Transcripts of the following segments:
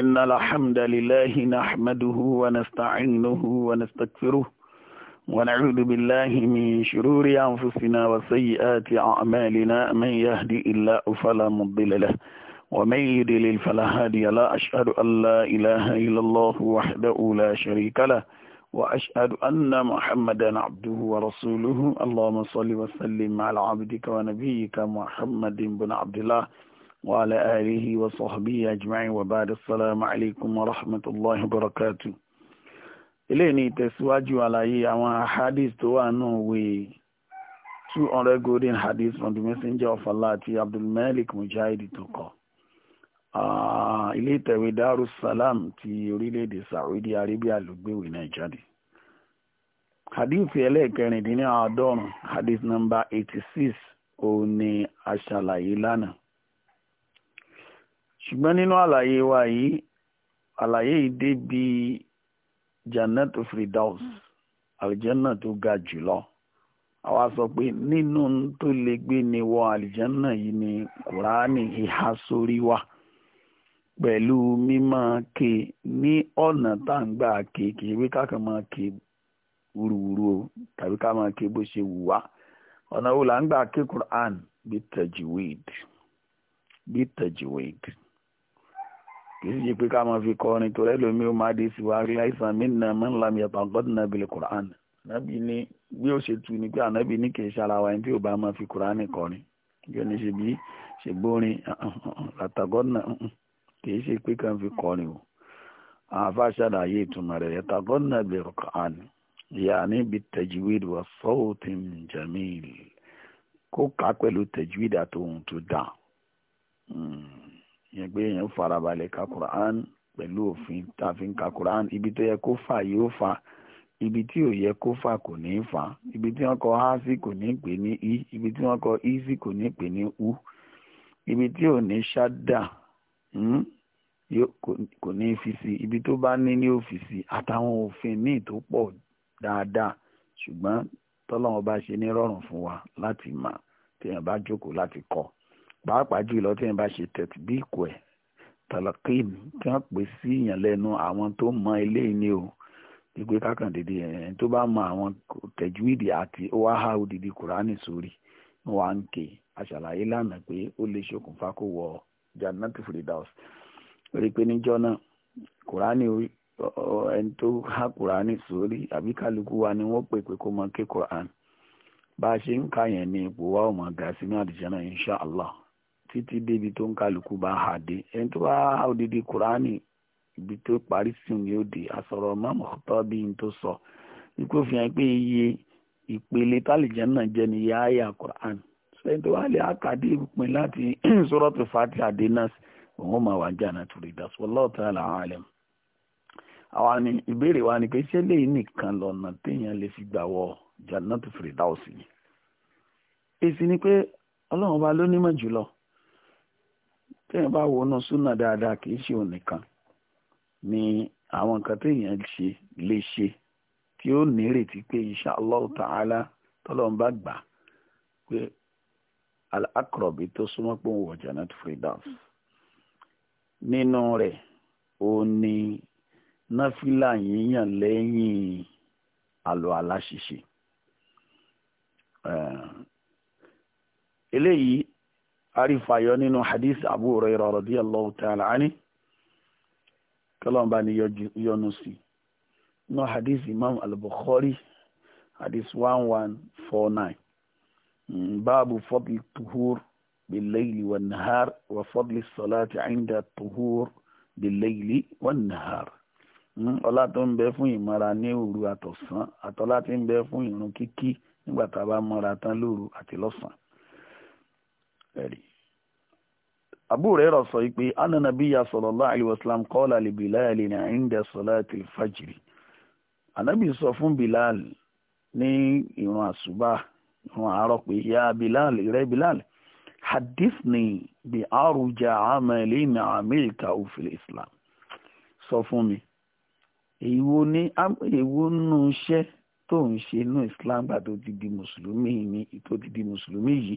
إن الحمد لله نحمده ونستعينه ونستغفره ونعوذ بالله من شرور أنفسنا وسيئات أعمالنا من يهدي الله فلا مضل له ومن يضلل فلا هادي له أشهد أن لا إله إلا الله وحده لا شريك له وأشهد أن محمدا عبده ورسوله اللهم صل وسلم على عبدك ونبيك محمد بن عبد الله وعلى آله وصحبه أجمعين وبعد السلام عليكم ورحمة الله وبركاته إليني ní ìtẹ̀síwájú àlàyé àwọn hadith tó wà náà wé two hundred golden hadith from the messenger of Allah àti Abdulmalik Mujahidi tó kọ ah, ilé ìtẹ̀wé Darussalam ti orílẹ̀-èdè Saudi Arabia ló gbéwèé náà jáde hadith ẹlẹ́ẹ̀kẹrìndínláàádọ́rùn-ún hadith number eighty six òun ni aṣàlàyé lánàá. ṣùgbọ́n nínú àlàyé wa yìí àlàyé yìí janet jannatu alijan hmm. na tó ga jùlọ àwa sọ pé nínú tó lè gbé ni wọ yìí ni kùránì ìhà sórí wa pẹ̀lú mímọ́ ke ní ọ̀nà tá à ń gbà ke kì í wí kákan máa ke wúruwúru o tàbí ká máa ke bó ṣe wù wá ọ̀nà wo là ń gbà ke quran bí tajwid bí kì í ṣe pé ká máa fi kọ orin torí ẹlòmíì ó máa dé sí wa rí àìsàn mí nà mọ́ ńlá mi ẹ̀bà gbọ́dọ̀ náà bìlẹ̀ kùrán ànábì ní bí ó ṣe tu ni pé ànábì ní kì í ṣara wa ẹni tí ò bá máa fi kùrán kọrin yóò ní ṣe bí ṣègbórin àtàgọ́nà kì í ṣe pé kàn fi kọrin o àáfàá ṣàlàyé ìtumọ̀ rẹ̀ ẹ̀tàgọ́nà bìlẹ̀ kùrán ìyá níbi tẹ̀jìwìd wà sọ́ọ̀tì yẹn pé èèyàn farabalẹ̀ ka quran pẹ̀lú òfin tá a fi ń ka quran ibi tó yẹ kó fà yóò fà ibi tí ò yẹ kó fà kò ní fà ibi tí wọ́n kọ á sí kò ní pè ní i ibi tí wọ́n kọ í sí kò ní pè ní u ibi tí ò ní ṣáda hmm, kò ní fi sí ibi tó bá ní ní òfìsì àtàwọn òfin míì tó pọ̀ dáadáa ṣùgbọ́n tọ́lọ́wọ́n ṣe ní rọrùn fún wa láti mà téèyàn bá jókòó láti kọ́. pàápàá jùlọ tí wọ́n bá ṣe tẹ̀tì bí ìkọ̀ ẹ̀ tí pè sí ìyàn lẹ́nu àwọn tó mọ eléyìí ni o gbígbé kákàndéédé ẹ̀yìn tó bá mọ àwọn tẹ̀júwìdì àti wàhá òdìdí kùránì sórí wọn à ń ké aṣàlàyé lánàá pé ó lè ṣokùnfà kó wọ jannatu firdaus rí i pé níjọ́ náà kùránì ẹni tó há kùránì sórí àbí kálukú wa ni pè pé mọ ké kùránì bá a ṣe yẹn ní ipò títí débi tó ń kálukú bá hà dé ẹni tó bá há odidi kùránì ibi tó parí sùn ni ó dé àsọ̀rọ̀ mọ́mọ́tọ́ bí n tó sọ ikú fi hàn pé iye ìpele tálìjẹ́ náà jẹ́ ni iye àyà kùránì sẹ́yìn tó wá lè àkàdé ìpín láti sọ́rọ́tù fati adénas òun máa wà jàǹdà torí ìdásọ́lọ́ọ̀ tí a là ń alẹ́ àwa ni ìbéèrè wa ni pé ṣé lèyí nìkan lọ́nà téèyàn lè fi gbà wọ jannatu firdausi yìí èsì ni pé ọlọ́run ọba ló nímọ̀ jùlọ téèyàn bá wo inú súnà dáadáa kì í ṣe ni àwọn nǹkan téèyàn ṣe lè ṣe tí ó nírètí pé insha Allah ta'ala tọ́lọ́run bá gbà pé al tó súnmọ́ pé òun wọ Jannat Firdaus nínú rẹ̀ ó ní náfìlà àrífàyọ nínú hadith Abu Hurairah radiyallahu ta'ala ani kọlọ́mbà ni yọnu sí nínú hadith Imam al-Bukhari hadith one one four nine hmm, báàbù fadli tuhur bil-layli wan-nahar wa fadli salati 'inda tuhur bil-layli wan-nahar hmm, ọlá tó ń bẹ fún ìmọ́ra ní òru àtọ̀sán àtọ́lá tí ń bẹ fún ìrun kíkí nígbà tá a bá mọ́ra tán lóru àti lọ́sàn-án. Abu Hurairah sọ pé anna nabiyya sallallahu alayhi wa sallam qala li Bilal ní inda salati al-fajri anabi sọ fún Bilal ní ìrun àṣùbà ìrun àárọ̀ pé ya Bilal rẹ Bilal hadithni bi arja amalin amilta fil Islam sọ fún mi èwo ní èwo nù iṣẹ́ tó ń ṣe inú Islam gbà tó ti di mùsùlùmí mi tó ti di mùsùlùmí yìí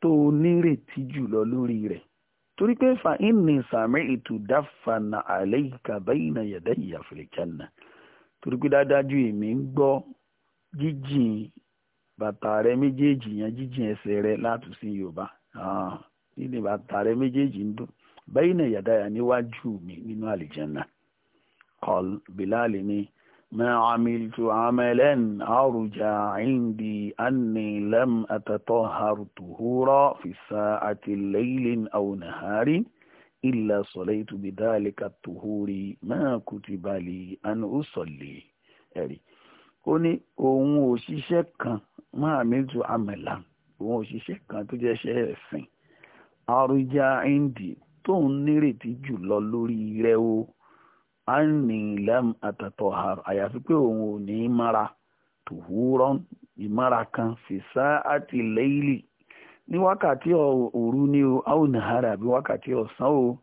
tó nírètí jùlọ lórí rẹ̀ torí pé fa inni sàmì ìtùdáfànà àlẹ́yìká bayna yadayya fil janna torí pé dájú èmi ń gbọ́ jíjìn bàtà rẹ méjèèjì yẹn jíjìn ẹsẹ̀ rẹ látùsí yorùbá ah, nílé bàtà rẹ méjèèjì ń dùn bayna yadayya níwájú mi nínú àlìjẹ́nà kọ́l bíláàlì ni. ما عملت عملا أرجى عندي أني لم أتطهر طهورا في ساعة ليل أو نهار إلا صليت بذلك الطهور ما كتب لي أن أصلي ẹ̀rí ó ní òun ò ṣiṣẹ́ kan máa mi tu àmàlà òun ò ṣiṣẹ́ kan tó jẹ́ ṣe ẹ̀sìn àrùjá indi tóun nírètí jùlọ lórí rẹ̀ o a lam atatahhar àyàfi pé òun ò ní í mara tòhúrọ́ ìmára kan fìsá àti lẹ́yìlì ní wákàtí òru ní o àbí wákàtí ọ̀sán o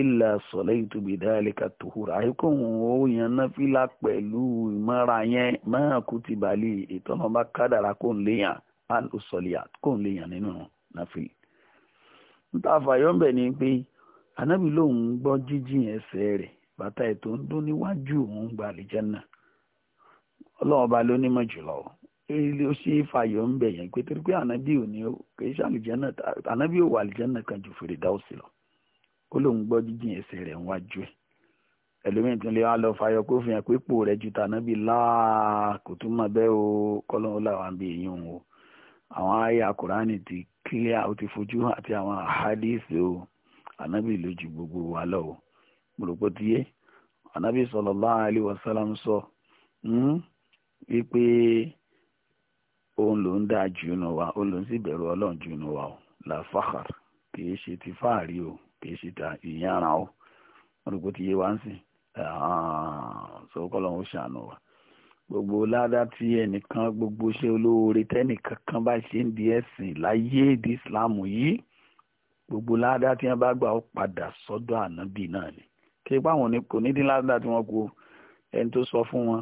illa salaitu bidhalika tòhúrọ́ àyíkó òun ó yan náfìlà pẹ̀lú ìmára yẹn máa kutiba li ìtọ́nà bá kádàrà kó ń léyàn alùsọ̀lìyà kó ń léyàn nínú nta ń ni pé anábì lòun gbọ́ jíjìn ẹsẹ̀ bata ètò ń dún níwájú òun gba àlìjẹ́nà ọlọ́run ba lónímọ̀ jùlọ ilé ó sì fàyọ̀ ń bẹ̀ pé torí pé ànábì ò ní kì í ṣe ànábì kan ju lọ ó lóun gbọ́ jíjìn ẹsẹ̀ rẹ̀ níwájú ẹ̀ ẹlòmíín tún lè wá lọ fàyọ kó fi hàn pé o kọ́lọ́run làwọn àbí èyí òun o àwọn àyà kùránì ti clear ó ti fojú hàn àti àwọn àhádìsì o ànábì lójú gbogbo wa lọ mùrùkọ́tìyé anabi sallallahu alaihi wasallam sọ hmm, wípé òun ló ń dá jù nù wa òun ló ń sì bẹ̀rù ọlọ́run jù nù wa o la fakhar kì í ṣe ti fáàrí o kì ṣe ta ìyára o mùrùkọ́tìyé wa ń sìn sọ kọ́lọ́run ṣàánú wa gbogbo ládá tí ẹnìkan gbogbo ṣe olóore tẹnìkan bá ṣe ń di ẹ̀sìn láyé di islam yìí gbogbo ládá tí wọ́n bá gbà ó padà sọ́dọ̀ ànábì náà ni kí ipá wọn kò ní dín ládàá tí wọ́n kú ẹni tó sọ fún wọn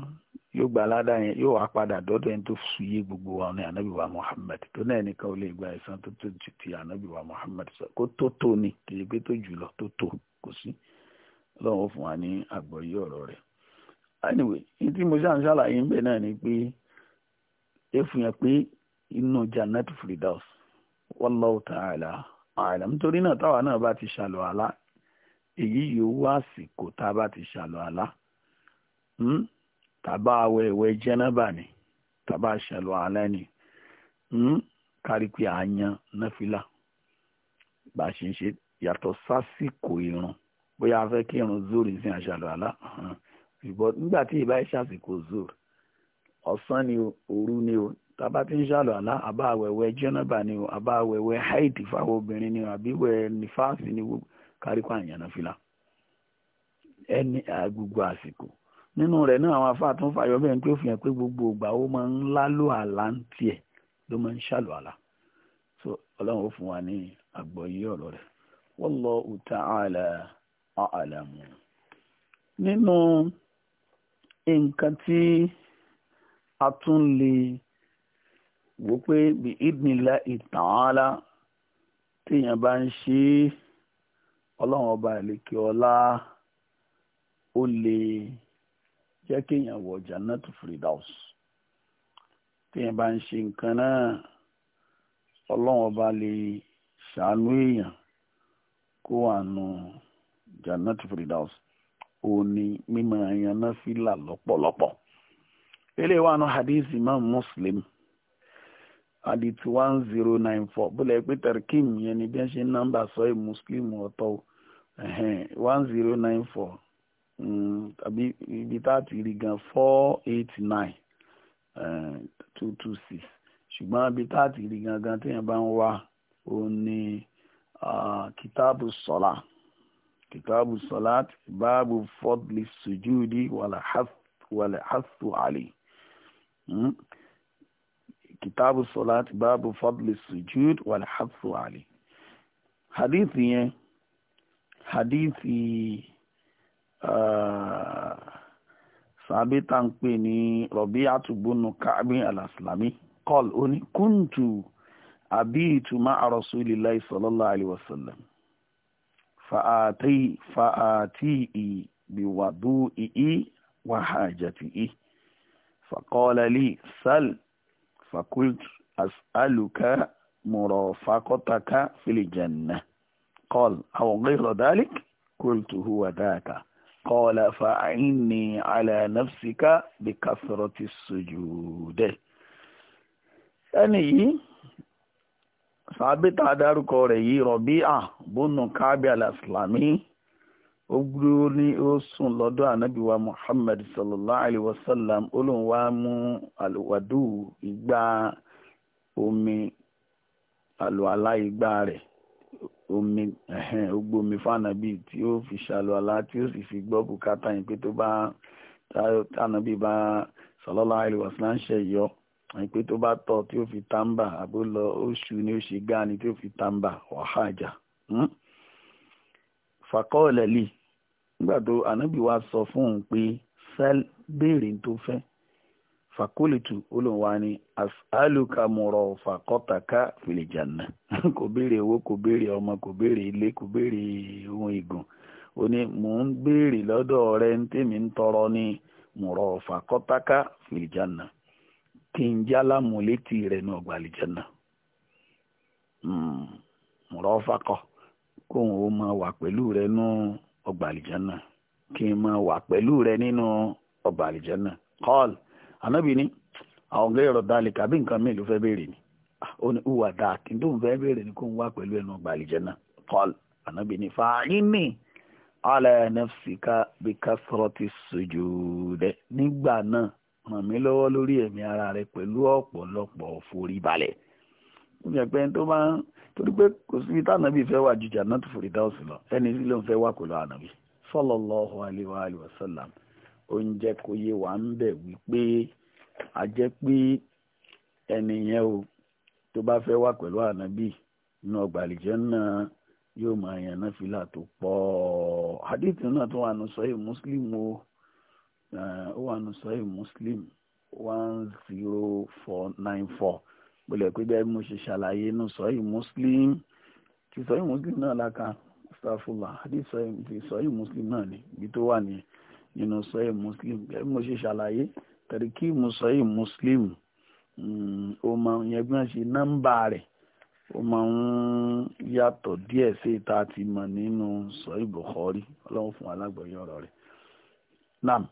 yóò gba aládàá yẹn yóò wá padà dọ́dọ̀ ẹni tó suyé gbogbo wa ní anabiwa muhammed tó náà nìkan ò lè gba ẹ̀san tó tó ju ti anabiwa muhammed sọ kó tó tó ni kì í pé tó jù lọ tó tó kò sí ọlọ́run fún wa ní àgbọ́yé ọ̀rọ̀ rẹ̀ anyway ní tí mo ṣàn ṣàlàyé ń bẹ̀ náà ni pé ẹ fún yẹn pé inú jannat firdaus wallahu ta'ala a'lam nítorí náà táwa náà bá ti ṣàlọ́ àlá èyí yóò wá àsìkò tá a bá ti ṣàlọ àlá tàbá awẹ ìwẹ̀ ni tàbá ṣàlọ àlá ni hmm? kárí pé àyàn náfìlà bá a ṣe ń ṣe yàtọ̀ sásìkò irun bóyá a fẹ́ kí irun zoro sí àṣàlọ àlá ṣùgbọ́n nígbà tí ìbá ẹ ṣàsìkò zoro ọ̀sán ni òru ni o tàbá ti ń ṣàlọ àlá àbá awẹwẹ jẹnẹbà ni o àbá awẹwẹ haiti fáwọn obìnrin ni o àbí wẹ nífàásì ni gbogbo káríkọ àyànná fìlà ẹni gbogbo àsìkò nínú rẹ̀ náà àwọn afá tó ń fàyọ bẹ́ẹ̀ pé ó fi hàn pé gbogbo ìgbà ó máa ń lálò àlá ń tiẹ̀ ló máa ń ṣàlò àlá so ọlọ́run ó fún wa ní àgbọ́yé ọ̀rọ̀ rẹ̀ wallahu ta'ala a'lam nínú nǹkan tí a tún lè wò pé bí idnillahi ta'ala téèyàn bá ń ṣe é ọlọ́run ọba ìlẹ́kẹ̀ ọlá ó lè jẹ́ kéèyàn wọ jannatu firdaus téèyàn bá ń ṣe nǹkan náà ọlọ́run ọba lè ṣàánú èèyàn kó wà nù jannatu firdaus òun ni mímọ àyànná fílà lọ́pọ̀lọpọ̀ eléyìí wà nù hadith imam muslim alit one zero nine four bóla pé tarkim yẹn ni bí wọ́n ṣe ń nọ́mbà sọ ẹ̀ muslim ọ̀tọ̀ one zero nine four tàbí hmm, ibi tá a ti rí gan four eight nine eh, two two six ṣùgbọ́n ibi tá a ti rí gangan téèyàn bá ń wá ó ní kìtàbù sọlá kìtàbù sọlá báàbù fọdùlì sùjúdì wàlà hàtù àlè kìtàbù sọ̀láàtì báàbù fadli sujud wàlhàfù àlè hadith yẹn hadith uh, sàbí tá ń pè ní rọ̀bí àtúgbónú káàbí alàsìlámí kọ́l oní kúntù àbí ìtumá àròsù ilẹ̀ ìsọ̀lọ́lá àlìwọ̀sọ̀lẹ̀ fa'àtì ìbíwàdú ìí wàhájàtì ìí fàkọ́lẹ̀ lì sẹ́lẹ̀ fakultu as'aluka murafaqataka fil janna qala aw ghayra dhalik qultu huwa dhaka qala fa'inni ala nafsika bi kathrati sujud ẹni yìí sàbítà dárúkọ rẹ̀ yìí Rabi'a bunu Ka'b al-Aslami ó dúró ní ó sùn lọ́dọ̀ ànábì wa muhammad sallallahu alayhi wa sallam ó lóun wá mú àlùwàdù ìgbà omi àlùwàlá ìgbà rẹ̀ omi ó gbómi fànàbì tí ó fi ṣàlùwàlá tí ó sì fi gbọ́ bùkátà yìí pé tó bá tànàbì bá sallallahu alayhi wa sallam ṣe yọ àìpé tó bá tọ̀ tí ó fi tàǹbà àbó oṣù ni ó ṣe gáà ni tí ó fi tàǹbà wàhálà hmm? fàkọ́ọ̀lẹ̀ lè nígbà tó ànábì wa sọ fún un pé sẹ́l béèrè tó fẹ́ fàkólìtù olùwà ni kò béèrè owó kò béèrè ọmọ kò béèrè ilé kò béèrè ohun ìgùn ó ní mò ń béèrè lọ́dọ̀ rẹ tèmi ń tọrọ ní mùrọ̀ kóun ó máa wà pẹ̀lú rẹ nú ọgbà àlìjánà kí n máa wà pẹ̀lú rẹ nínú ọgbà àlìjánà kọ́ọ̀l ànábì ni àwọn ọ̀gá ẹ̀rọ dalẹ̀ kàbí nǹkan mi ló fẹ́ béèrè ni ó ní hùwà dáa kí n tó ń fẹ́ béèrè ni kóun wà pẹ̀lú ẹnu ọgbà àlìjánà kọ́ọ̀l ànábì ni fàáyínì alẹ́ nẹ́fṣìkà bí kásọ̀rọ̀tì sojúdẹ nígbà náà ràn mí lọ́wọ́ lórí ẹ̀mí ara rẹ pẹ̀lú ọ̀pọ̀lọpọ̀ foríbalẹ̀ níbi pé tó bá ń torí pé kò síbi tánàbí fẹ́ wà ju Jannatul Firdaus lọ ẹni tí ló ń fẹ́ wà kó lọ ànàbí sallallahu alaihi wa alihi wasallam ó ń jẹ́ kó yé wa ń bẹ̀ wípé a jẹ́ pé ẹni yẹn o tó bá fẹ́ wà pẹ̀lú ànàbí inú ọgbà àlìjánnà yóò máa yàn náà fìlà tó pọ̀ hadith náà tó wà nù Sahih Muslim o wà nù Sahih Muslim one zero four nine four gbọ́dọ̀ pé bẹ́ẹ̀ mo ṣe ṣàlàyé inú sọ́yì muslim ti sọ́yì muslim náà láka stafula àti sọ́yì muslim náà ni ibi tó wà ní nínú sọ́yì muslim bẹ́ẹ̀ mo ṣe ṣàlàyé tẹ̀ríkì mu sọ́yì muslim mm, ó máa ń yẹgbọ́n ṣe nọ́mbà rẹ̀ ó máa ń yàtọ̀ díẹ̀ sí ìta ti mọ̀ nínú sọ́yì bukhari ọlọ́run fún alágbọ̀yé ọ̀rọ̀ rẹ̀ nam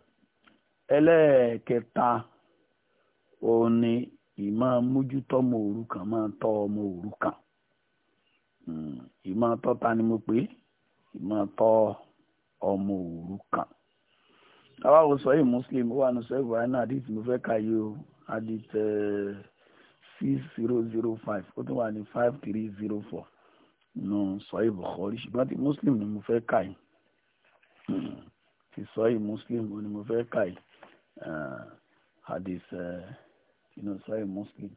ẹlẹ́ẹ̀kẹta òun ni ìmọ̀ mójútó ọmọ òrukàn máa tọ́ ọmọ òrukàn hmm. ìmọ̀ tọ́ ta ni mo pè ìmọ̀ tọ́ ọmọ òrukàn àwa ò sọ yìí muslim ó wà ní sọ ìwà náà àdìtì mo fẹ́ ka yìí o àdìtì eh, six zero zero five ó tún wà ní five three zero four nù sọ yìí Bukhari ṣùgbọ́n ti muslim ni mo fẹ́ ka yìí hmm. ti sọ yìí muslim ni mo fẹ́ ka yìí àdìtì. Eh, inú sọ́yìn muslim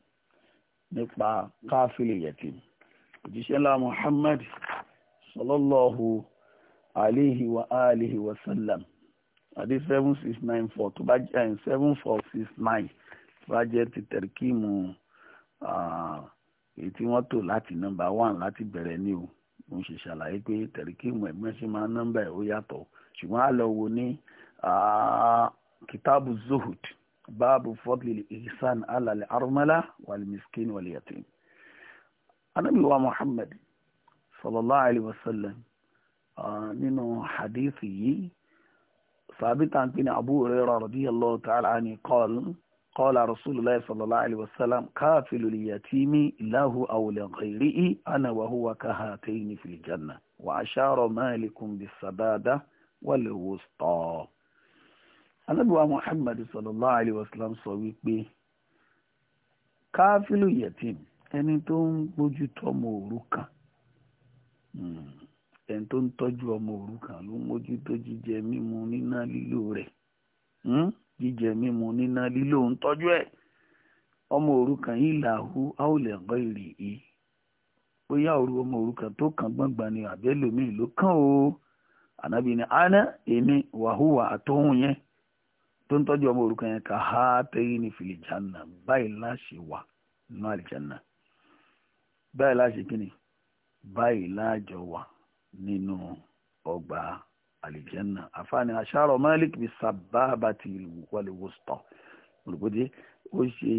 nípa káfílì yatim òjíṣẹ́ ńlá muhammad sallallahu alayhi wa alihi wa sallam àdé seven six nine four tó bá jẹ́ seven four six nine tó bá jẹ́ ti tẹ̀ríkìmù èyí tí wọ́n tò láti nọ́mbà one láti bẹ̀rẹ̀ ní o mo ṣe ṣàlàyé pé tẹ̀ríkìmù ẹ̀gbọ́n ṣe máa nọ́mbà ẹ̀ ó yàtọ̀ ṣùgbọ́n a wo ní kitaabu zuhud باب فضل الإحسان على الأرملة والمسكين واليتيم أنا من محمد صلى الله عليه وسلم من آه، حديثي ثابت عن بن أبو هريرة رضي الله تعالى عنه قال قال رسول الله صلى الله عليه وسلم كافل اليتيم له أو لغيره أنا وهو كهاتين في الجنة وأشار مالك بالسدادة والوسطى anábíwá muhammad sallallahu alayhi wa sallam sọ wípé káfílù yetim ẹni tó ń gbójú tọmọ òrukàn hmm. ẹni tó ń tọ́jú ọmọ òrukàn ló ń mójútó jíjẹ mímu níná lílò rẹ̀ hmm. jíjẹ mímu níná lílò ń tọ́jú ẹ̀ ọmọ òrukàn yìí làhú áwòlẹ̀ ẹ̀kọ́ ìrì yìí bóyá òru ọmọ òrukàn tó kàn gbọ̀ngbọ̀n ni àbẹ́lòmíì ló kàn ó ànábì ni èmi wàhùwà àtọ́hún yẹn tó ń tọ́jú ọmọ òrukàn yẹn ká ha tẹ́yìn ní fìlìjánà báyìí láṣẹ wà nínú àlìjánà báyìí láṣẹ kíni báyìí láàjọ wà nínú ọgbà àlìjánà àfààní aṣáárọ̀ malik bíi sábàbà ti wọlé wòsàn olùkọ́dé ó ṣe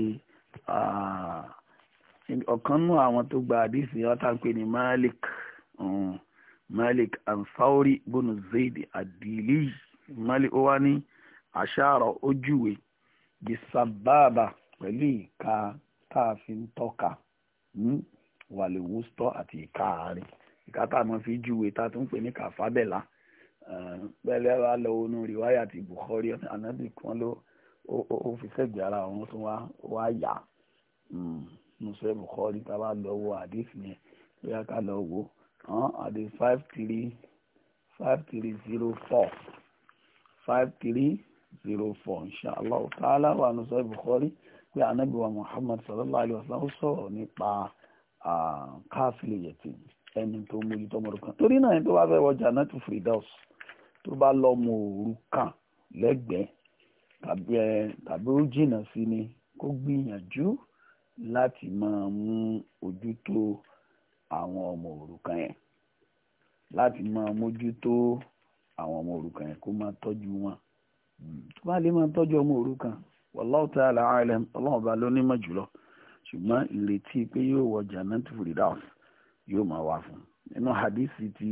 ọ̀kan nú àwọn tó gba àdìsí ọ̀tá ní malik malik ansauri bonu zaidi adili malik ó wá àṣàrọ̀ ojúwe bisababa pẹ̀lú ìka tá a fi ń tọ́ka hmm, wàlẹ̀wòsítọ́ àti ìka àárín ìka tá a máa fi júwe tá a tún pè ní kàfábẹ́là pẹ̀lú ẹ̀rọ alẹ́ onú rìwáyà àti Bukhari anabi kan ló ó fi sẹ́gbẹ̀ẹ́ ara òun tó wá yá musa hmm, Bukhari tá a bá lọ wo hadith yẹn bóyá ká lọ wo hadith five three five three zero four five three zero four insha Allah ta'ala wà ní sọ Bukhari pé anabi wa Muhammad sallallahu alayhi wa sallam ó sọ̀rọ̀ nípa káfílì yẹtì ẹni tó mójú tó mọ̀rọ̀ kan torí náà ẹni tó bá fẹ́ wọ Jannatul Firdaus tó bá lọ mọ òru kan lẹ́gbẹ̀ẹ́ tàbí ó jìnnà sí ni kó gbìyànjú láti máa mú ojútó àwọn ọmọ òrukàn yẹn láti máa mójútó àwọn ọmọ òrukàn yẹn kó máa tọ́jú wọn tó bá lè máa tọ́jú ọmọ òrukàn wallahu ta'ala alam ọlọ́run ọba ló nímọ̀ jùlọ ṣùgbọ́n ìrètí pé yóò wọ jannatu firdaus yóò máa wà fún nínú hadisi ti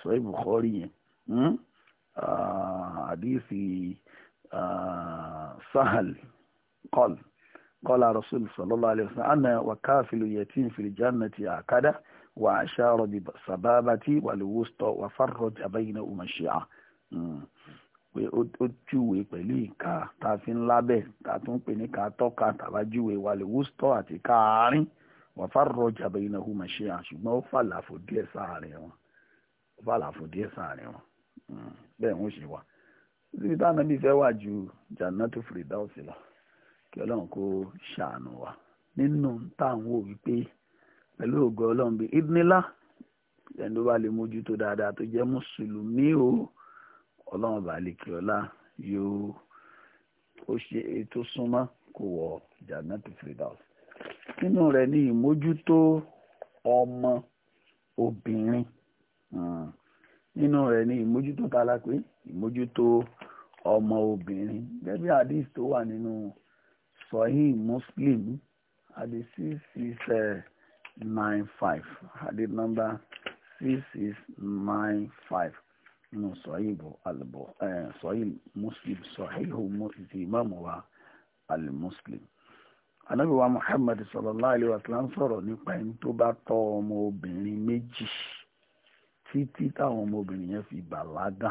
Sahih Bukhari yẹn hmm? ah, hadisi ah, sahal qal qala rasul sallallahu alayhi wa sallam ana wa kafilu yatim fil jannati akada wa ashara bi sababati wal wusta wa farraj bayna umashia. Hmm pé ó júwe pẹ̀lú ìka tá a fi ń lábẹ́ tá a tún pè ní ká tọ́ka tàbá júwe wàlẹ̀ wústọ̀ àti káàárín wọ́n fà rọjà bẹ́yìn náà hùmà ṣe hàn ṣùgbọ́n ó fàlàfò díẹ̀ sáàrin wọn ó fàlàfò díẹ̀ sáàrin wọn hmm, bẹ́ẹ̀ wọ́n ṣe wà síbi táwọn ẹbí fẹ́ wà ju jannatu firdausi lọ kí ọlọ́run kó ṣàánú wa nínú táwọn ò wípé pẹ̀lú ògo ọlọ́run bíi idnila ẹni tó bá lè mójútó dáadáa tó jẹ́ mùsùlùmí o ọlọ́run bàálíkì ọlá yóò ó ṣe ètò súnmọ́ kó wọ jannatu firdaus nínú rẹ̀ ní ìmójútó ọmọ obìnrin hmm. nínú rẹ̀ ní ìmójútó tálápé ìmójútó ọmọ obìnrin gẹ́gẹ́ hadith tó wà nínú sahih muslim hadith six six eh, nine five hadith number six six nine five. nínú sọ̀hìbù alìbọ̀ sọ̀hìl muslim sọ̀hìhù ti ìmáàmù wa alimuslim anábìwá muhammad sallallahu alaihi wasallam sọ̀rọ̀ nipa ẹni tó bá tọ́ ọmọ obìnrin meji títí ọmọ obìnrin yẹn fi balaga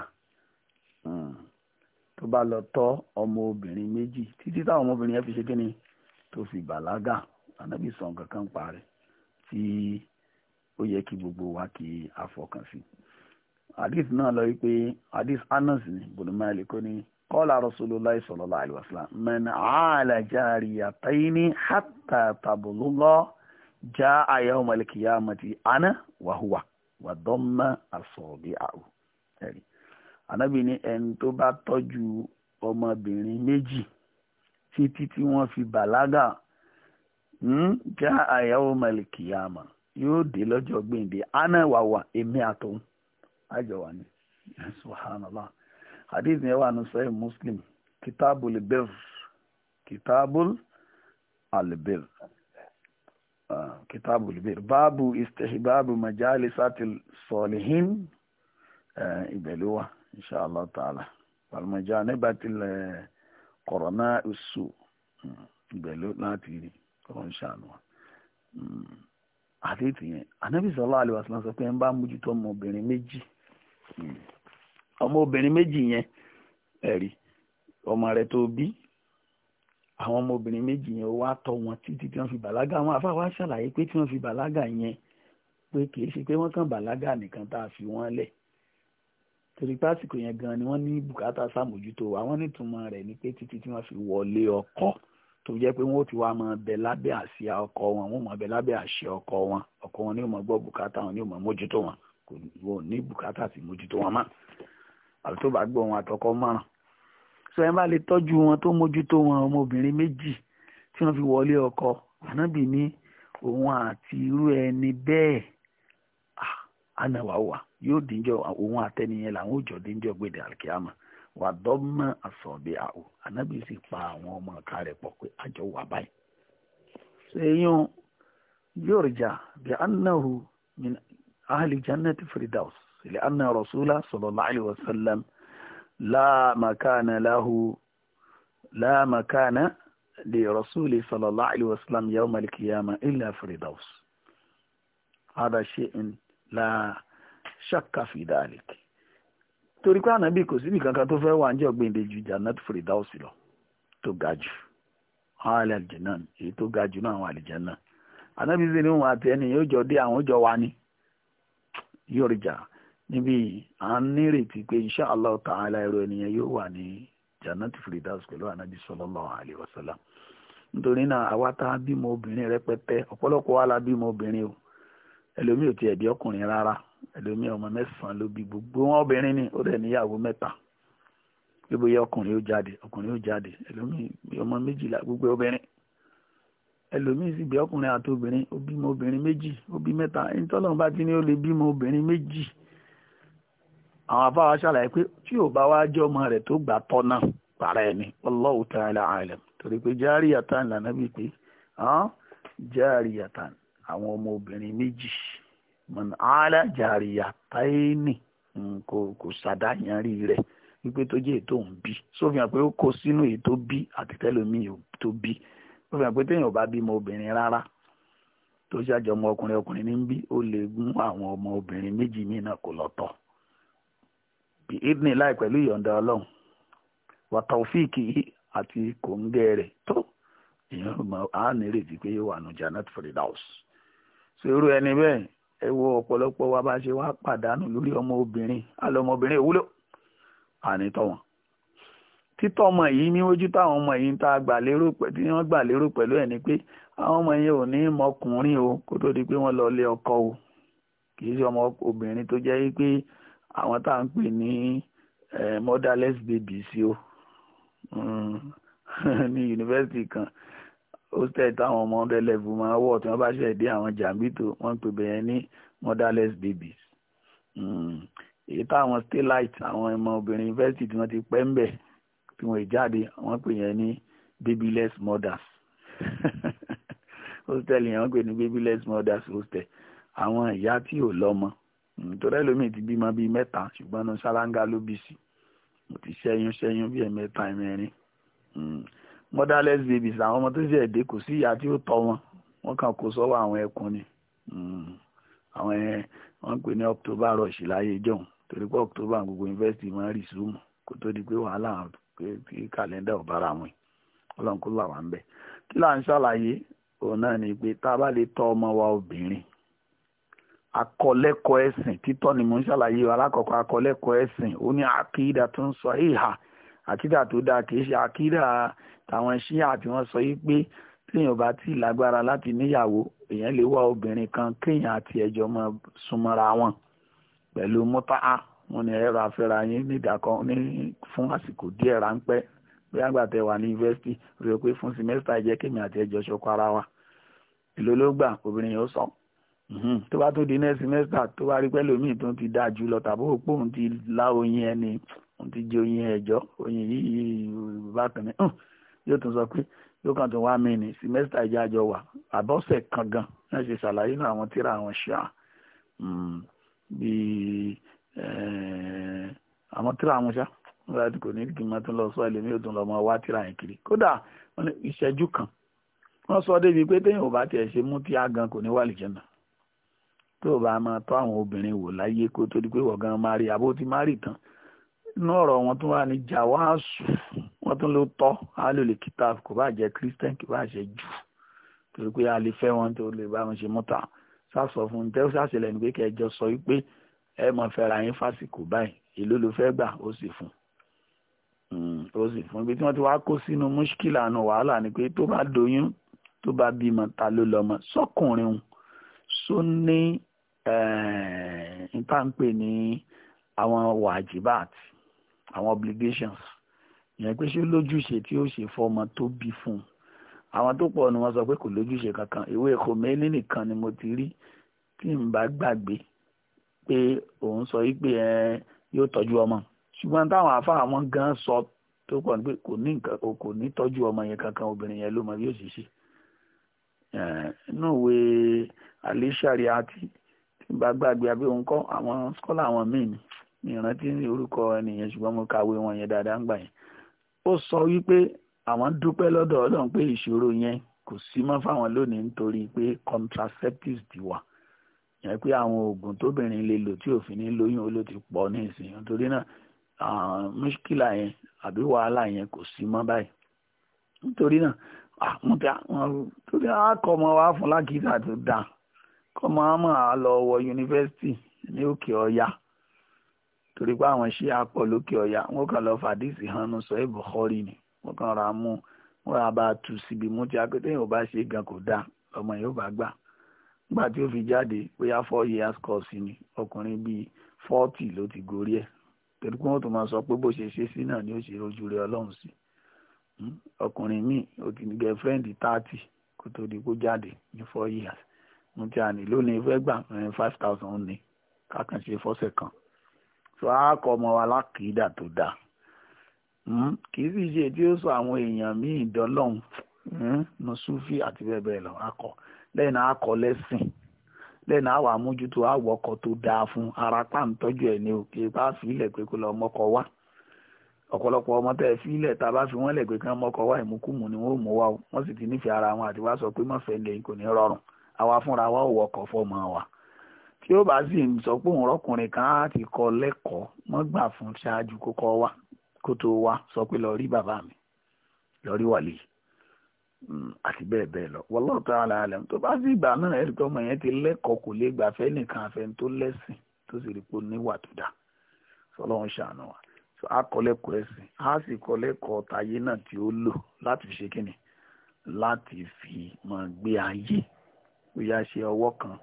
hmm. tó bá lọ ọmọ obìnrin meji ọmọ obìnrin yẹn fi kankan pare ti o gbogbo wa si. hadith náà lọ wípé hadith anas ni bùnú malik ó ní kọ́lá rasulullah sallallahu alaihi wasallam man ala jariyataini hatta tabulugha jaa yawmal ana wa huwa wa damma asabi'ahu ẹ̀rí anábì ní ẹni tó bá tọ́jú ọmọbìnrin méjì títí tí wọ́n fi bàlágà hmm, yóò dé lọ́jọ́ ana èmi àjọ wà ní subhanallah hadith yẹn wà ní sahih muslim kitabul birr kitabul albir ah, kitabul birr báàbù istihbabu majalisatil salihin ìbẹ̀lú eh, eh, hmm, wa inṣàlá tààlà walmajanibatil kọ̀rọ̀nà ìṣù ìbẹ̀lú láti rí kọ́rọ̀ inṣàlá àdéhìtì yẹn anábìsọ̀lá àlè wàsílà sọ pé ń bá mójútó ọmọbìnrin méjì ọmọ obìnrin méjì yẹn ẹ̀rí ọmọ rẹ̀ tó bí àwọn ọmọbìnrin méjì yẹn wá tọ́ wọn títí tí wọ́n fi bàlágà àwọn afáwa ṣàlàyé pé tí wọ́n fi bàlágà yẹn pé kìí ṣe pé wọ́n kàn bàlágà nìkan tá a fi wọ́n lẹ̀ torí pásìkò yẹn gan ni wọ́n ní bùkátà sàmójútó àwọn nítumọ̀ rẹ̀ ni pé títí tí wọ́n fi wọlé ọkọ tó jẹ́ pé wọ́n ó ti wá máa bẹ lábẹ́ àsíá ọkọ wọn wọ́n máa bẹ lábẹ́ àṣẹ ọkọ wọn ọkọ wọn ni ó máa bùkátà wọn ni ó máa mójútó wọn kò wọ́n ní bùkátà sí mójútó wọn mọ́ àbí tó bá gbọ́ wọn àtọkọ márùn so ẹ bá lè tọ́jú wọn tó mójútó wọn ọmọbìnrin méjì tí wọ́n fi wọlé ọkọ ànábì ní òun àti irú ẹni bẹ́ẹ̀ anáwáwá yóò díjọ òun àtẹniyẹn làwọn òjò díjọ gbèdé alkiyama wà dọ́mọ àsọ̀bí àwò ànábì sì pa àwọn ọmọ ọ̀ka rẹ̀ pọ̀ pé àjọ wà báyìí. sẹ́yìn yóò jà bí anáhu ahli jannati firdaus ilẹ̀ anna rasula sallallahu alayhi wa sallam la makana lahu la makana li rasuli sallallahu alayhi wa sallam yawm al-qiyama illa firdaus hada shay'in la shakka fi dhalik torí pé ànábì kò síbi kankan tó fẹ́ wà ń jẹ́ ọ̀gbìnde ju jannat firdaus lọ tó ga jù àwọn àlẹ́ àlìjẹ́ náà èyí tó ga jù náà àwọn àlìjẹ́ náà ànábì sì ni wọn àti ẹni yóò jọ dé àwọn jọ wa ni yọrìjà níbi à ń nírètí pé insha Allah ta'ala ẹ̀rọ ènìyàn yóò wà ní jannati firdaus pẹ̀lú anabi sallallahu alaihi wasallam nítorí náà àwa tá a bímọ obìnrin rẹpẹtẹ ọpọlọpọ wa la bímọ obìnrin o ẹlòmíì ò tiẹ̀ bí ọkùnrin rárá ẹlòmíì ọmọ mẹ́sàn-án ló bí gbogbo wọn obìnrin ni ó dẹ̀ níyàwó mẹ́ta bí bóyá ọkùnrin ó jáde ọkùnrin ó jáde ẹlòmíì ọmọ méjìlá gbogbo obìnrin ẹlòmíì sì bí ọkùnrin àti obìnrin ó bímọ obìnrin méjì ó bí mẹ́ta ẹni tọ́lọ́run bá ti ní ó lè bímọ obìnrin méjì àwọn afáwa ṣàlàyé pé tí ò bá wá jẹ́ ọmọ rẹ̀ tó gbà tọ́ náà pàrà ẹni Allahu ta'ala alam torí pé járí yàtá ìlànà bíi pé járí yàtá àwọn ọmọ obìnrin méjì mọ̀nà ààlà járí yàtá ẹni kò kò ṣàdáyanrí rẹ̀ wípé tó jẹ́ ètò òun bí sófin àpé ó kó sínú ètò bí àtìtẹ́lómi tó bí ó fi hàn pé téèyàn bá bímọ obìnrin rárá tó ṣàjọ ọmọ ọkùnrin ọkùnrin ní bí ó lè gún àwọn ọmọ obìnrin méjì míì náà kò lọ tọ bí idni láì pẹ̀lú ìyọ̀ǹda ọlọ́run wà taofíìkì àti kòńgẹ́ rẹ̀ tó èèyàn mọ̀ á nírètí pé yóò wà nù Jannat Firdaus ṣé ẹni bẹ́ẹ̀ ẹ wo ọ̀pọ̀lọpọ̀ wa bá ṣe wá pàdánù lórí ọmọ obìnrin àlọ́ ọmọ obìnrin títọ́ ọmọ yìí ní ojútọ́ àwọn ọmọ yìí tá a gbà lérò tí wọ́n gbà lérò pẹ̀lú ẹ̀ ni pé àwọn ọmọ yẹn ò ní mọkùnrin o kó tó di pé wọ́n lọ lé ọkọ o kì í ṣe ọmọ obìnrin tó jẹ́ pé àwọn tá à ń pè ní motherless babies o hmm. ní yunifásitì kan hostel táwọn ọmọ ọdẹ lẹ́bù máa wọ̀ tí wọ́n bá ṣẹ̀ dé àwọn jàǹbìtò wọ́n ń pè bẹ́ẹ̀ ní motherless babies hmm. èyí táwọn stay light àwọn ọmọ obìnrin yunifásitì tí wọ́n ti pẹ́ ń bẹ̀ tí wọ́n jáde wọ́n pè yẹn ní babyless mothers hostel yẹn wọ́n pè ní babyless mothers hostel àwọn ìyá tí ò lọ́mọ nítorí hmm, ẹlòmíì ti bímọ bíi mẹ́ta ṣùgbọ́n ní ṣáláńgá ló bí sí mo ti ṣẹ́yún ṣẹ́yún bíi ẹ̀mẹ́ta ẹ̀mẹ́rin hmm, motherless babies àwọn ọmọ tó ṣe ẹ̀dẹ́ kò sí ìyá tí ó tọ́ wọn wọ́n kàn kó sọ́wọ́ àwọn ẹkùn ni hmm, àwọn ẹ̀ wọ́n ń pè ní october rush láyé jọ̀hún torí pé october gbogbo yunifásitì máa ń rì súnmù kó tó di pé wàhálà pé tí kàlẹ́ndà ò bára wọn ọlọ́run kó làwọn ń bẹ̀ kí là ń ṣàlàyé òun náà ni pé tá a bá lè tọ́ ọmọ wa obìnrin akọlẹ́kọ̀ọ́ ẹ̀sìn títọ́ ni mo ń ṣàlàyé alákọ̀ọ́kọ́ akọlẹ́kọ̀ọ́ ẹ̀sìn ó ní àkídà tó ń sọ ìhà àkídà tó dáa kì í ṣe àkídà táwọn ṣíà tí wọ́n sọ yìí pé téèyàn bá tí ì lágbára láti níyàwó èèyàn lè wá obìnrin kan kéèyàn àti ẹjọ́ mọ́ súnmọ́ra wọn pẹ̀lú mọ́tàá wọ́n ní ẹ̀rọ afẹ́ra yín nídàkan ní fún àsìkò díẹ̀ ráńpẹ́ bí àgbàtẹ wà ní yunifásitì rí o pé fún simẹ́sítà jẹ́ kémi àti ẹjọ́ ṣọkọ ara wa èló ló gbà obìnrin yóò sọ tó bá tó di next semester tó bá rí pẹ́lú omi tó ti dáa jù lọ tàbí òpó òun ti lá oyin ẹni òun ti jẹ oyin ẹ̀jọ́ oyin yìí bákan ní yóò tún sọ pé yóò kàn tún wá mí ní semester ìjà àjọ wà àbọ̀sẹ̀ kan gan náà ṣe ṣàlàyé náà àwọn tíra àwọn ṣáà bíi. Eh, àwọn tíra àwọn ṣá láti kò ní kí n máa tún lọ sọ ẹlẹ́mí ò tún lọ mọ wá tíra yẹn kiri kódà ìṣẹ́jú kan wọ́n sọ débi pé téèyàn ò bá tiẹ̀ ṣe mú tí a gan kò ní wà lìjẹ́nà tó o bá máa tọ́ àwọn obìnrin wò láyé kó tó di pé wọ́n gan máa rí àbó ti máa rí tán inú ọ̀rọ̀ wọn tún wà ní jàwáàsù wọ́n tún ló tọ́ alólè kìtàf kò bá jẹ́ christian kì bá ṣe jù torí pé a lè fẹ́ wọn tó lè bá wọn ṣe mọ́ta sá ẹ mọ̀ fẹ́ra yín fásìkò báyìí ìlú ló fẹ́ gbà ó sì fún hmm, ó sì fún ibi tí wọ́n ti wá kó sínú múṣkìlà nu wàhálà ni pé tó bá doyún tó bá bímọ ta ló lọ́mọ sọ́kùnrin òun só ní eh, nípa ń pè ní àwọn wàjibát àwọn obligations ìyẹn pé ṣé lójúṣe tí ó ṣe fọmọ tó bí fún un àwọn tó pọ̀ ni wọ́n sọ pé kò lójúṣe kankan ìwé kòmẹ́lì nìkan ni mo ti rí tí n bá gbàgbé pé òun sọ wípé ẹ yóò tọ́jú ọmọ ṣùgbọ́n táwọn àáfàá wọn gan sọ tó pọ̀ pé kò ní nǹkan o kò ní tọ́jú ọmọ yẹn kankan obìnrin yẹn ló mọ bí ó sì ṣe inú ìwé alishari àti tí n bá àwọn skọ́là àwọn míì ni mi ìrántí orúkọ ẹnìyẹn ṣùgbọ́n mo kàwé wọn yẹn dáadáa ń gbà yẹn ó sọ wípé àwọn dúpẹ́ lọ́dọ̀ ọlọ́run pé ìṣòro yẹn kò sí mọ́ fáwọn lónìí nítorí pé contraceptives ti wà yẹn pé àwọn oògùn tóbìnrin lè lò tí òfin ní lóyún ó ló ti pọ̀ ní ìsìn nítorí náà mùṣkílà yẹn àbí wàhálà yẹn kò sí mọ́ báyìí nítorí náà àmúta torí àkọ́ ọmọ wa fún lákìtà tó dáa kọ́ ọmọ àmọ́ yunifásitì ní òkè ọ̀yà torí pé àwọn ṣé apọ̀ lókè ọ̀yà wọn kàn lọ fàdísì hanu sọ ẹ̀ bọ̀kọ́rì ni wọn kàn ra mú wọn ra bá a tu síbi mú ti akéde yóò bá ṣe gan kò dáa ọmọ yóò bá gbà nígbà tí ó fi jáde bóyá four years course ni ọkùnrin bíi forty ló ti gorí ẹ̀ torí pé wọ́n tó máa sọ pé bó ṣe ṣe sí náà ni ó ṣe rojú rẹ ọlọ́run sí hmm? ọkùnrin míì ó ti ní girlfriend thirty kó tó di kó jáde ní four years mo ti àní lónìí fẹ́ gbà eh, five thousand ni. kákànṣe fọ́sẹ̀ kan so a kọ ọmọ wa lákìídà tó dáa hmm? kì í sì ṣe tí ó sọ àwọn èèyàn míì dọ́lọ́hún hmm? nusufi àti bẹ́ẹ̀ bẹ́ẹ̀ lọ akọ lẹ́yìn náà akọ lẹ́sìn lẹ́yìn náà àwọn amójútó àwọ̀kọ̀ tó dáa fún ara pa ń tọ́jú ẹ̀ ní òkè bá fi ilẹ̀ pé kó lọ mọ́kọ wá ọ̀pọ̀lọpọ̀ ọmọ tẹ́ ẹ fi ilẹ̀ tá bá fi wọ́n lẹ̀ pé kán mọ́kọ wá ìmúkùmù ni wọ́n ò mú wá o wọ́n sì ti nífẹ̀ẹ́ ara wọn àti wá sọ pé mọ̀fẹ́ lè kò ní rọrùn àwa fúnra wa ò wọkọ̀ fọmọ wa tí ó bá sì sọ pé òun rọkùnrin kan á ti kọ lẹ́kọ̀ọ́ mọ́ gbà fún ṣáájú kó kọ́ kó tó wá sọ pé lọ rí bàbá mi lọ rí wàlíì Mm, àti bẹ́ẹ̀ bẹ́ẹ̀ lọ wallahu ta'ala alam tó bá sì gbà náà ẹ̀rí pé ọmọ yẹn ti lẹ́kọ̀ọ́ kò lè gbàfẹ́ nìkan afẹ́ni tó lẹ́sìn tó sì rí pé níwà tó dá sọlọ́run ṣàánú wa so a kọ́ lẹ́kọ̀ọ́ ẹ̀sìn a sì kọ́ lẹ́kọ̀ọ́ tayé náà tí ó lò láti fi ṣe kíni láti fi máa gbé ayé bóyá ṣe ọwọ́ kan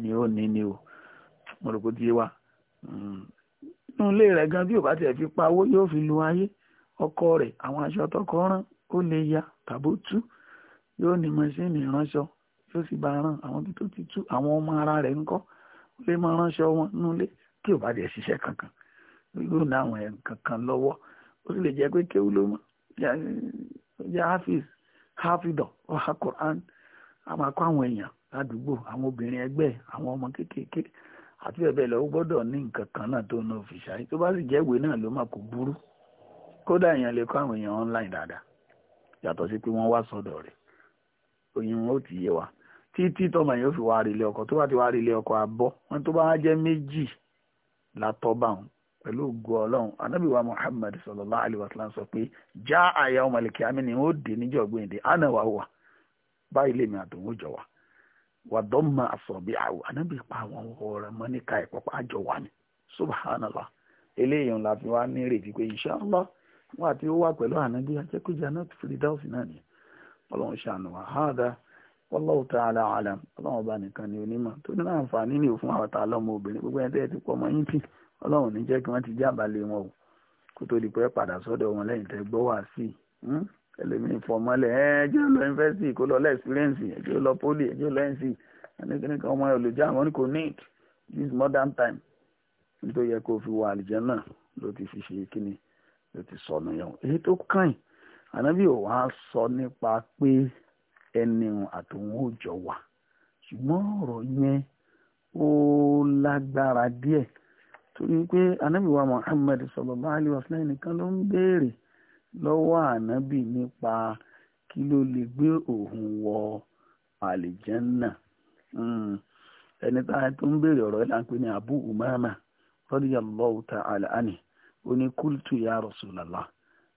ni ó ní ni o mo rò pé tí yé wa mm. inú ilé rẹ̀ gan bí ò bá tiẹ̀ fi pawó yóò fi lu ayé ọkọ rẹ̀ àwọn aṣọ ó ya tàbó tú yóò ní mọ́ṣíìnì ránṣọ yóò sì bá rán àwọn ibi tó ti tú àwọn ọmọ ara re ńkọ́ lè máa ránṣọ wọn nílé tí ò bá kankan yóò ní àwọn nǹkan kankan lọwọ ó sì lè je pé kéwú ló ya hafiz hafidọ ọha Quran a máa kọ́ àwọn èèyàn ládùúgbò àwọn obìnrin ẹgbẹ́ àwọn ọmọ kéékèèké àti bẹ́ẹ̀ lọ gbọdọ ní nǹkan kan náà tó ná òfìṣà tó bá sì ìwé náà ló kó burú kódà yàtọ̀ sí pé wọ́n wá sọ̀dọ̀ rẹ̀ oyin wọn ò ti yé wa títí tọmọ yẹn ó fi wá rí ilé ọkọ tó bá ti wá rí ọkọ abọ́ wọn tó bá wá jẹ́ méjì látọ́bà wọn pẹ̀lú ògo ọlọ́run anábìwá muhammad sallallahu alaihi wasallam sọ pé já àyà ọmọ ìlẹ̀kẹ́ àmì ni wọ́n dé níjọ́ gbẹ̀ǹde àná wa wà báyìí lèmi àtòun jọ wà wà dọ́mà àsọ̀bí àwọ̀ anábì pa àwọn ọ̀rọ̀ mọ́ níka ìpọ́pá àjọ wà ní subhanallah eléyìí ńlá fi wá ní ìrètí pé inshallah wọn àti ó wà pẹ̀lú ànábí ajẹ́kùjà náà ti fìdí dáwọ́sì náà ni ọlọ́run ṣàánú wa hádà wallahu ta'ala alam ọlọ́run ọba nìkan ni onímọ̀ tó ní àǹfààní ni òfin àwọn tààlà ọmọ obìnrin gbogbo ẹni tẹ́ ti pọ̀ mọ́ yín tì ọlọ́run ní jẹ́ kí wọ́n ti jábàálẹ̀ wọn o kó tó di pé padà sọ́dọ̀ wọn lẹ́yìn tẹ́ gbọ́ wá sí i hmm? ẹlòmíín fọmọlẹ̀ ẹ jẹ́ lọ yunifásitì kó lọ lẹ́ẹ̀sìpírẹ́ǹsì ẹ jẹ́ lọ pólì ẹ lọ ẹ̀ǹsì ẹnìkan ọmọ olùjá àwọn kò ní this modern time nítorí yẹ kó fi wọ àlìjẹ́ náà ló ti fi ṣe kíni ló ti sọnù yẹn èyí tó kàn ànábì ò wá sọ nípa pé ẹni àtòun ò jọ wà ṣùgbọ́n ọ̀rọ̀ yẹn ó lágbára díẹ̀ torí pé ànábì wa Muhammad sallallahu alaihi wasallam nìkan ló ń béèrè lọ́wọ́ ànábì nípa kí ló lè gbé òun wọ àlìjẹ́nnà hmm. ẹni tó ń béèrè ọ̀rọ̀ là ń pè ní Abu Umama ó ní kúlùtù ya Rasulullah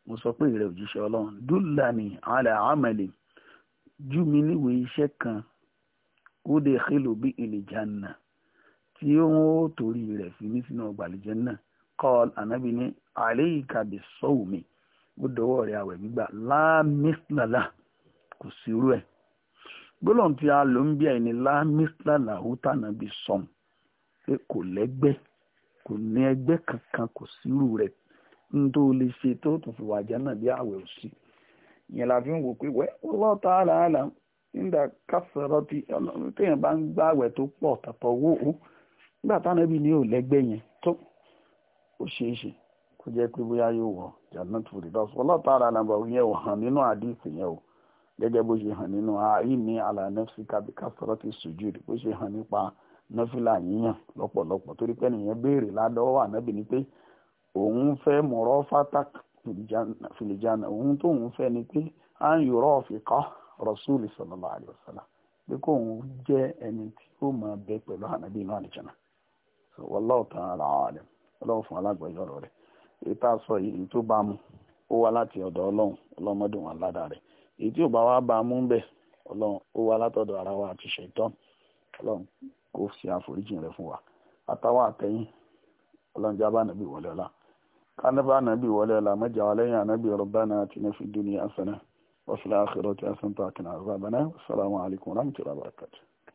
mo sọ pé ìrẹ òjíṣẹ́ ọlọ́run dúlàní ala amali jù mí níwèé iṣẹ́ kan ó dé xèlò bí ìlìjánà tí ó ń torí rẹ̀ fi mí sínú ọgbàlejẹ́ náà kọ́ọ̀l ànábì ní alayka bisawmi ó dọwọ́ rẹ̀ àwẹ̀ gbígbà láàmísìlàlà kò sí irú ẹ̀ gbólóhùn tí a lò ń bí ẹni láàmísìlàlà ó tànà bí sọm pé kò lẹ́gbẹ́ kò ní ẹgbẹ́ kankan kò sírù rẹ̀ tó lè ṣe tó tún fi àwẹ̀ ò sí ìyẹn la fi ń wò pé wẹ́ nígbà kásọ̀rọ̀ ti bá ń gbá tó pọ̀ tàtọ̀ wó o nígbà táwọn ẹbí ni ò lẹ́gbẹ́ yẹn tó ó ṣeé ṣe kó jẹ́ pé yóò wọ̀ tó yẹn ò hàn nínú àdìsí ala nọ́fìlà yíyàn lọ́pọ̀lọpọ̀ torí pé nìyẹn béèrè ládọ́wọ́ ànábì ni pé òun fẹ́ mọ̀rọ́ fatak fìlìjánà òun tóun fẹ́ ni pé à ń yọ̀rọ̀ ọ̀fìkọ́ rọ̀ṣúlì sallallahu alaihi wasallam pé kóun jẹ́ ẹni tí ó máa bẹ pẹ̀lú ànábì náà àlìjánà wallahu ta'ala alim ọlọ́run fún alágbèyọ ọ̀rọ̀ rẹ̀ èyí a sọ yìí tó bá mu ó wá láti ọ̀dọ̀ ọlọ́run rẹ̀ èyí tí ò bá wá bá kó ṣe àforíjìn rẹ̀ fún wa àtàwọn àtẹ̀yìn ọlọ́njà bá nàbí wọlé ọlá kánàbà nàbí wọlé ọlá mẹ́jọ alẹ́yìn ànábì rabbana atina fid dunya hasana wa fil akhirati hasana wa qina adhaban nar assalamu alaikum warahmatullahi wabarakatuh